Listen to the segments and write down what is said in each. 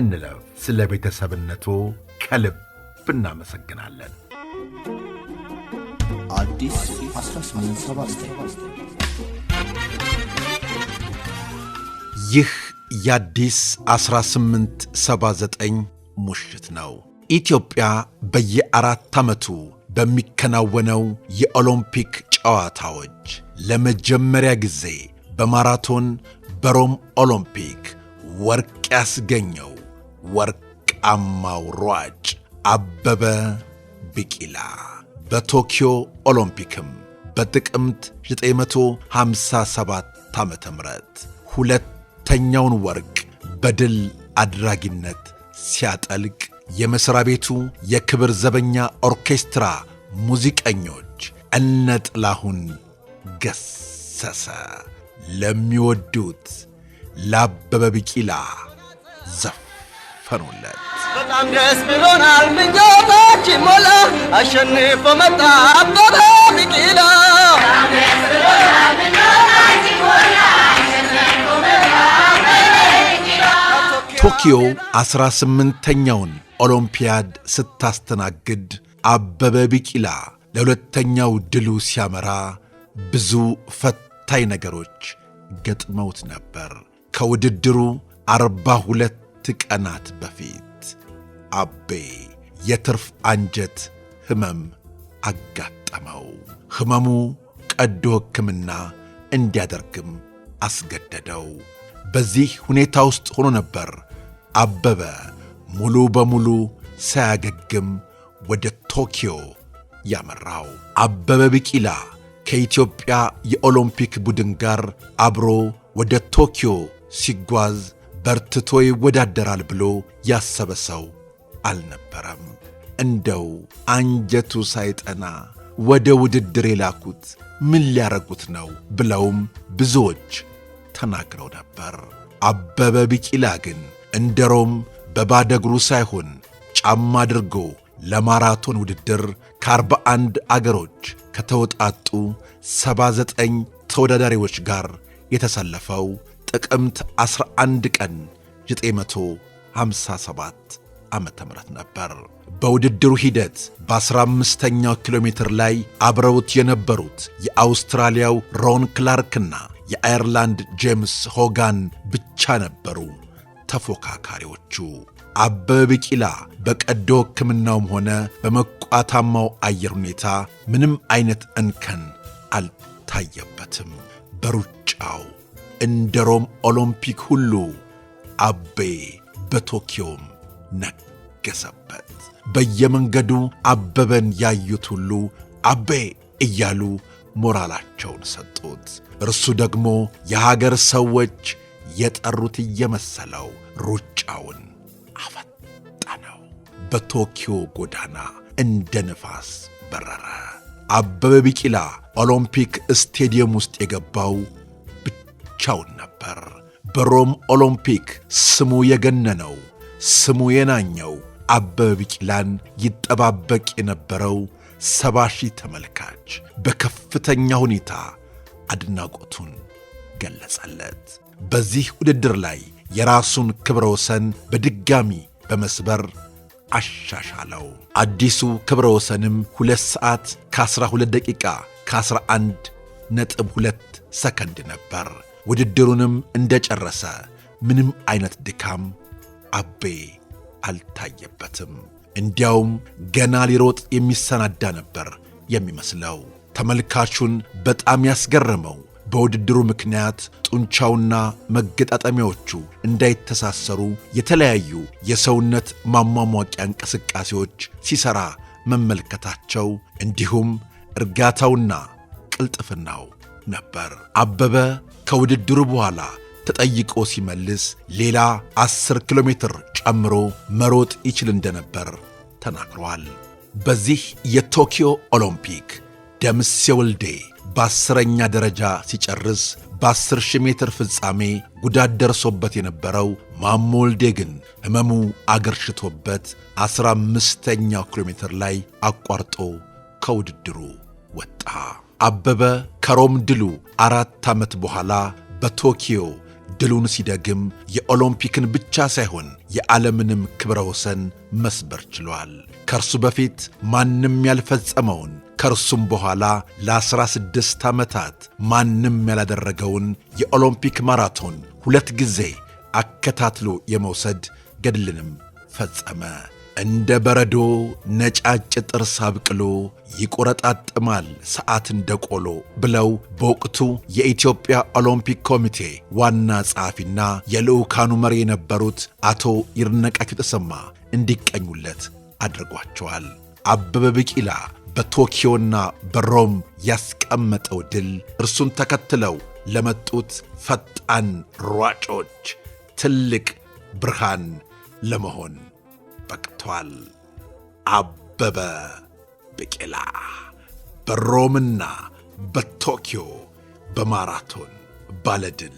እንለፍ። ስለ ቤተሰብነቱ ከልብ እናመሰግናለን። ይህ የአዲስ 1879 ሙሽት ነው። ኢትዮጵያ በየአራት ዓመቱ በሚከናወነው የኦሎምፒክ ጨዋታዎች ለመጀመሪያ ጊዜ በማራቶን በሮም ኦሎምፒክ ወርቅ ያስገኘው ወርቃማው ሯጭ አበበ ቢቂላ በቶኪዮ ኦሎምፒክም በጥቅምት 957 ዓ ም ሁለተኛውን ወርቅ በድል አድራጊነት ሲያጠልቅ የመሥሪያ ቤቱ የክብር ዘበኛ ኦርኬስትራ ሙዚቀኞች እነ ጥላሁን ገሰሰ ለሚወዱት ለአበበ ቢቂላ ዘፍ ዘፈኑለት። በጣም ደስ ብሎናል፣ ምኞታችን ሞላ፣ አሸንፎ መጣ አበበ ቢቂላ። ቶኪዮ 18ኛውን ኦሎምፒያድ ስታስተናግድ አበበ ቢቂላ ለሁለተኛው ድሉ ሲያመራ ብዙ ፈታኝ ነገሮች ገጥመውት ነበር። ከውድድሩ አርባ ሁለት ከሁለት ቀናት በፊት አቤ የትርፍ አንጀት ሕመም አጋጠመው። ሕመሙ ቀዶ ሕክምና እንዲያደርግም አስገደደው። በዚህ ሁኔታ ውስጥ ሆኖ ነበር አበበ ሙሉ በሙሉ ሳያገግም ወደ ቶኪዮ ያመራው። አበበ ቢቂላ ከኢትዮጵያ የኦሎምፒክ ቡድን ጋር አብሮ ወደ ቶኪዮ ሲጓዝ በርትቶ ይወዳደራል ብሎ ያሰበ ሰው አልነበረም። እንደው አንጀቱ ሳይጠና ወደ ውድድር የላኩት ምን ሊያረጉት ነው ብለውም ብዙዎች ተናግረው ነበር። አበበ ቢቂላ ግን እንደ ሮም በባዶ እግሩ ሳይሆን ጫማ አድርጎ ለማራቶን ውድድር ከ41 አገሮች ከተውጣጡ ዘጠኝ ተወዳዳሪዎች ጋር የተሰለፈው ጥቅምት 11 ቀን 957 ዓ ም ነበር። በውድድሩ ሂደት በ15ኛው ኪሎ ሜትር ላይ አብረውት የነበሩት የአውስትራሊያው ሮን ክላርክና የአየርላንድ ጄምስ ሆጋን ብቻ ነበሩ ተፎካካሪዎቹ። አበበ ቢቂላ በቀዶ ሕክምናውም ሆነ በመቋታማው አየር ሁኔታ ምንም አይነት እንከን አልታየበትም በሩጫው እንደ ሮም ኦሎምፒክ ሁሉ አቤ በቶኪዮም ነገሰበት። በየመንገዱ አበበን ያዩት ሁሉ አቤ እያሉ ሞራላቸውን ሰጡት። እርሱ ደግሞ የሀገር ሰዎች የጠሩት እየመሰለው ሩጫውን አፈጠነው። በቶኪዮ ጎዳና እንደ ነፋስ በረረ። አበበ ቢቂላ ኦሎምፒክ ስቴዲየም ውስጥ የገባው ብቻውን ነበር። በሮም ኦሎምፒክ ስሙ የገነነው ስሙ የናኘው አበበ ቢቂላን ይጠባበቅ የነበረው ሰባ ሺህ ተመልካች በከፍተኛ ሁኔታ አድናቆቱን ገለጸለት። በዚህ ውድድር ላይ የራሱን ክብረ ወሰን በድጋሚ በመስበር አሻሻለው። አዲሱ ክብረ ወሰንም ሁለት ሰዓት ከ12 ደቂቃ ከ11 ነጥብ ሁለት ሰከንድ ነበር። ውድድሩንም እንደጨረሰ ምንም አይነት ድካም አቤ አልታየበትም። እንዲያውም ገና ሊሮጥ የሚሰናዳ ነበር የሚመስለው። ተመልካቹን በጣም ያስገረመው በውድድሩ ምክንያት ጡንቻውና መገጣጠሚያዎቹ እንዳይተሳሰሩ የተለያዩ የሰውነት ማሟሟቂያ እንቅስቃሴዎች ሲሰራ መመልከታቸው እንዲሁም እርጋታውና ቅልጥፍናው ነበር። አበበ ከውድድሩ በኋላ ተጠይቆ ሲመልስ ሌላ 10 ኪሎ ሜትር ጨምሮ መሮጥ ይችል እንደነበር ተናግሯል። በዚህ የቶኪዮ ኦሎምፒክ ደምሴ ወልዴ በአስረኛ ደረጃ ሲጨርስ በ10 ሺህ ሜትር ፍጻሜ ጉዳት ደርሶበት የነበረው ማሞ ወልዴ ግን ሕመሙ አገርሽቶበት 15ኛው ኪሎ ሜትር ላይ አቋርጦ ከውድድሩ ወጣ። አበበ ከሮም ድሉ አራት ዓመት በኋላ በቶኪዮ ድሉን ሲደግም የኦሎምፒክን ብቻ ሳይሆን የዓለምንም ክብረ ወሰን መስበር ችሏል። ከእርሱ በፊት ማንም ያልፈጸመውን ከእርሱም በኋላ ለ16 ዓመታት ማንም ያላደረገውን የኦሎምፒክ ማራቶን ሁለት ጊዜ አከታትሎ የመውሰድ ገድልንም ፈጸመ። እንደ በረዶ ነጫጭ ጥርስ አብቅሎ ይቆረጣጥማል ሰዓት እንደ ቆሎ ብለው በወቅቱ የኢትዮጵያ ኦሎምፒክ ኮሚቴ ዋና ጸሐፊና የልዑካኑ መሪ የነበሩት አቶ ይርነቃቸው ተሰማ እንዲቀኙለት አድርጓቸዋል። አበበ ቢቂላ በቶኪዮና በሮም ያስቀመጠው ድል እርሱን ተከትለው ለመጡት ፈጣን ሯጮች ትልቅ ብርሃን ለመሆን በቅቷል። አበበ ቢቂላ በሮምና በቶኪዮ በማራቶን ባለድል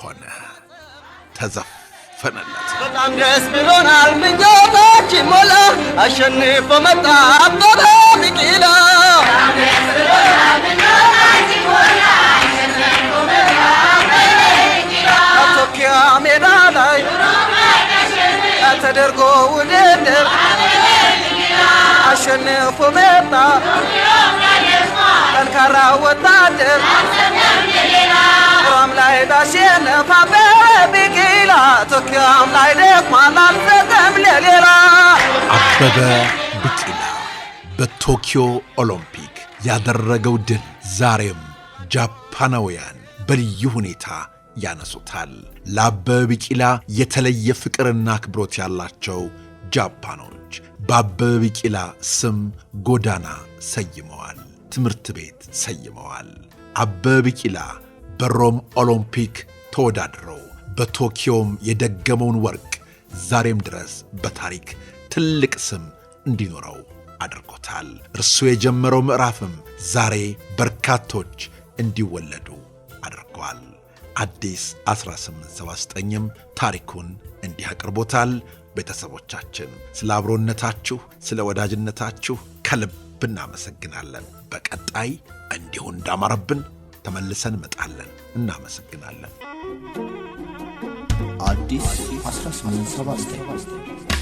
ሆነ፣ ተዘፈነለት። በጣም ደስ ብሎናል፣ ምኞታችን ሞላ፣ አሸንፎ መጣ አበበ ባለውለታ ጠንካራ ወታደር ሮም ላይ ላሸነፍ አበበ ቢቂላ ቶኪዮም ላይ ደግሞ አልዘገም ለሌላ አበበ ቢቂላ በቶኪዮ ኦሎምፒክ ያደረገው ድል ዛሬም ጃፓናውያን በልዩ ሁኔታ ያነሱታል። ለአበበ ቢቂላ የተለየ ፍቅርና አክብሮት ያላቸው ጃፓኖች በአበበ ቢቂላ ስም ጎዳና ሰይመዋል፣ ትምህርት ቤት ሰይመዋል። አበበ ቢቂላ በሮም ኦሎምፒክ ተወዳድረው በቶኪዮም የደገመውን ወርቅ ዛሬም ድረስ በታሪክ ትልቅ ስም እንዲኖረው አድርጎታል። እርሱ የጀመረው ምዕራፍም ዛሬ በርካቶች እንዲወለዱ አድርጓል። አዲስ 1879ም ታሪኩን እንዲህ አቅርቦታል። ቤተሰቦቻችን ስለ አብሮነታችሁ፣ ስለ ወዳጅነታችሁ ከልብ እናመሰግናለን። በቀጣይ እንዲሁ እንዳማረብን ተመልሰን መጣለን። እናመሰግናለን። አዲስ 1879